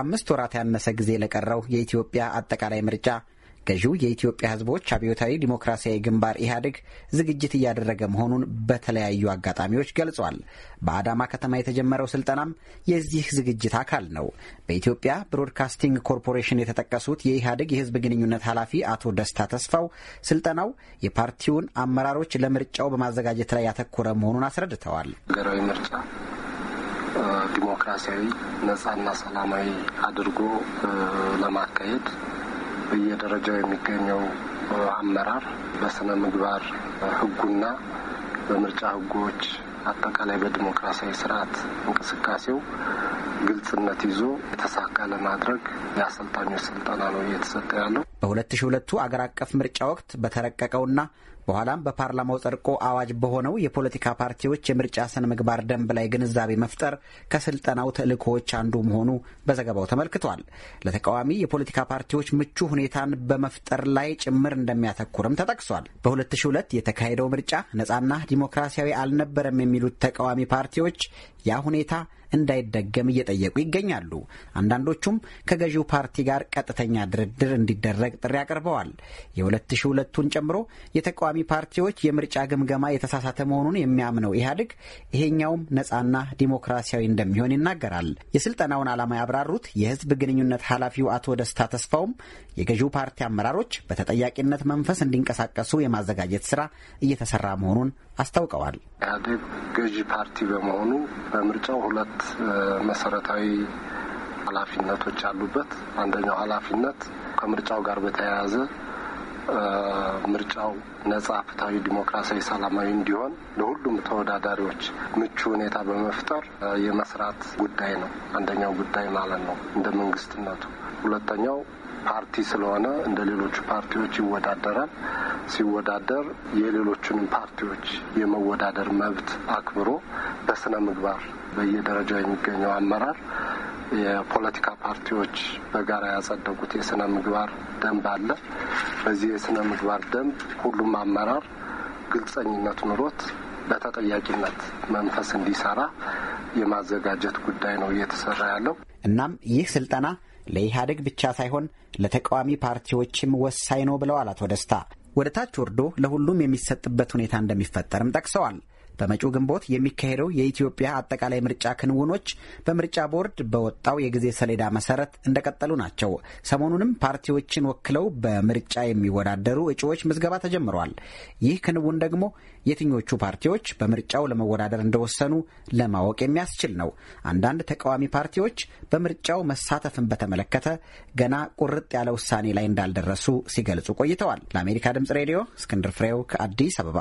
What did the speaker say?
ከአምስት ወራት ያነሰ ጊዜ ለቀረው የኢትዮጵያ አጠቃላይ ምርጫ ገዢው የኢትዮጵያ ሕዝቦች አብዮታዊ ዲሞክራሲያዊ ግንባር ኢህአዴግ ዝግጅት እያደረገ መሆኑን በተለያዩ አጋጣሚዎች ገልጿል። በአዳማ ከተማ የተጀመረው ስልጠናም የዚህ ዝግጅት አካል ነው። በኢትዮጵያ ብሮድካስቲንግ ኮርፖሬሽን የተጠቀሱት የኢህአዴግ የሕዝብ ግንኙነት ኃላፊ አቶ ደስታ ተስፋው ስልጠናው የፓርቲውን አመራሮች ለምርጫው በማዘጋጀት ላይ ያተኮረ መሆኑን አስረድተዋል። ሀገራዊ ምርጫ ዲሞክራሲያዊ ነጻና ሰላማዊ አድርጎ ለማካሄድ በየደረጃው የሚገኘው አመራር በስነ ምግባር ህጉና በምርጫ ህጎች አጠቃላይ በዲሞክራሲያዊ ስርዓት እንቅስቃሴው ግልጽነት ይዞ የተሳካ ለማድረግ የአሰልጣኞች ስልጠና ነው እየተሰጠ ያለው። 2002 ሁለቱ አገር አቀፍ ምርጫ ወቅት በተረቀቀውና በኋላም በፓርላማው ጸድቆ አዋጅ በሆነው የፖለቲካ ፓርቲዎች የምርጫ ስነ ምግባር ደንብ ላይ ግንዛቤ መፍጠር ከስልጠናው ተልእኮዎች አንዱ መሆኑ በዘገባው ተመልክቷል። ለተቃዋሚ የፖለቲካ ፓርቲዎች ምቹ ሁኔታን በመፍጠር ላይ ጭምር እንደሚያተኩርም ተጠቅሷል። በ2002 የተካሄደው ምርጫ ነጻና ዲሞክራሲያዊ አልነበረም የሚሉት ተቃዋሚ ፓርቲዎች ያ ሁኔታ እንዳይደገም እየጠየቁ ይገኛሉ። አንዳንዶቹም ከገዢው ፓርቲ ጋር ቀጥተኛ ድርድር እንዲደረግ ጥሪ አቅርበዋል። የ2002ቱን ጨምሮ የተቃዋሚ ፓርቲዎች የምርጫ ግምገማ የተሳሳተ መሆኑን የሚያምነው ኢህአዴግ ይሄኛውም ነጻና ዲሞክራሲያዊ እንደሚሆን ይናገራል። የስልጠናውን ዓላማ ያብራሩት የህዝብ ግንኙነት ኃላፊው አቶ ደስታ ተስፋውም የገዢው ፓርቲ አመራሮች በተጠያቂነት መንፈስ እንዲንቀሳቀሱ የማዘጋጀት ስራ እየተሰራ መሆኑን አስታውቀዋል። ኢህአዴግ ገዢ ፓርቲ በመሆኑ በምርጫው ሁለት ሁለት መሰረታዊ ኃላፊነቶች ያሉበት አንደኛው ኃላፊነት ከምርጫው ጋር በተያያዘ ምርጫው ነጻ፣ ፍትሐዊ፣ ዲሞክራሲያዊ፣ ሰላማዊ እንዲሆን ለሁሉም ተወዳዳሪዎች ምቹ ሁኔታ በመፍጠር የመስራት ጉዳይ ነው። አንደኛው ጉዳይ ማለት ነው እንደ መንግስትነቱ። ሁለተኛው ፓርቲ ስለሆነ እንደ ሌሎቹ ፓርቲዎች ይወዳደራል። ሲወዳደር የሌሎቹንም ፓርቲዎች የመወዳደር መብት አክብሮ በስነ ምግባር በየደረጃው የሚገኘው አመራር የፖለቲካ ፓርቲዎች በጋራ ያጸደቁት የስነ ምግባር ደንብ አለ። በዚህ የስነ ምግባር ደንብ ሁሉም አመራር ግልጸኝነት ኑሮት በተጠያቂነት መንፈስ እንዲሰራ የማዘጋጀት ጉዳይ ነው እየተሰራ ያለው። እናም ይህ ስልጠና ለኢህአዴግ ብቻ ሳይሆን ለተቃዋሚ ፓርቲዎችም ወሳኝ ነው ብለዋል አቶ ደስታ። ወደ ታች ወርዶ ለሁሉም የሚሰጥበት ሁኔታ እንደሚፈጠርም ጠቅሰዋል። በመጪው ግንቦት የሚካሄደው የኢትዮጵያ አጠቃላይ ምርጫ ክንውኖች በምርጫ ቦርድ በወጣው የጊዜ ሰሌዳ መሰረት እንደቀጠሉ ናቸው። ሰሞኑንም ፓርቲዎችን ወክለው በምርጫ የሚወዳደሩ እጩዎች ምዝገባ ተጀምሯል። ይህ ክንውን ደግሞ የትኞቹ ፓርቲዎች በምርጫው ለመወዳደር እንደወሰኑ ለማወቅ የሚያስችል ነው። አንዳንድ ተቃዋሚ ፓርቲዎች በምርጫው መሳተፍን በተመለከተ ገና ቁርጥ ያለ ውሳኔ ላይ እንዳልደረሱ ሲገልጹ ቆይተዋል። ለአሜሪካ ድምጽ ሬዲዮ እስክንድር ፍሬው ከአዲስ አበባ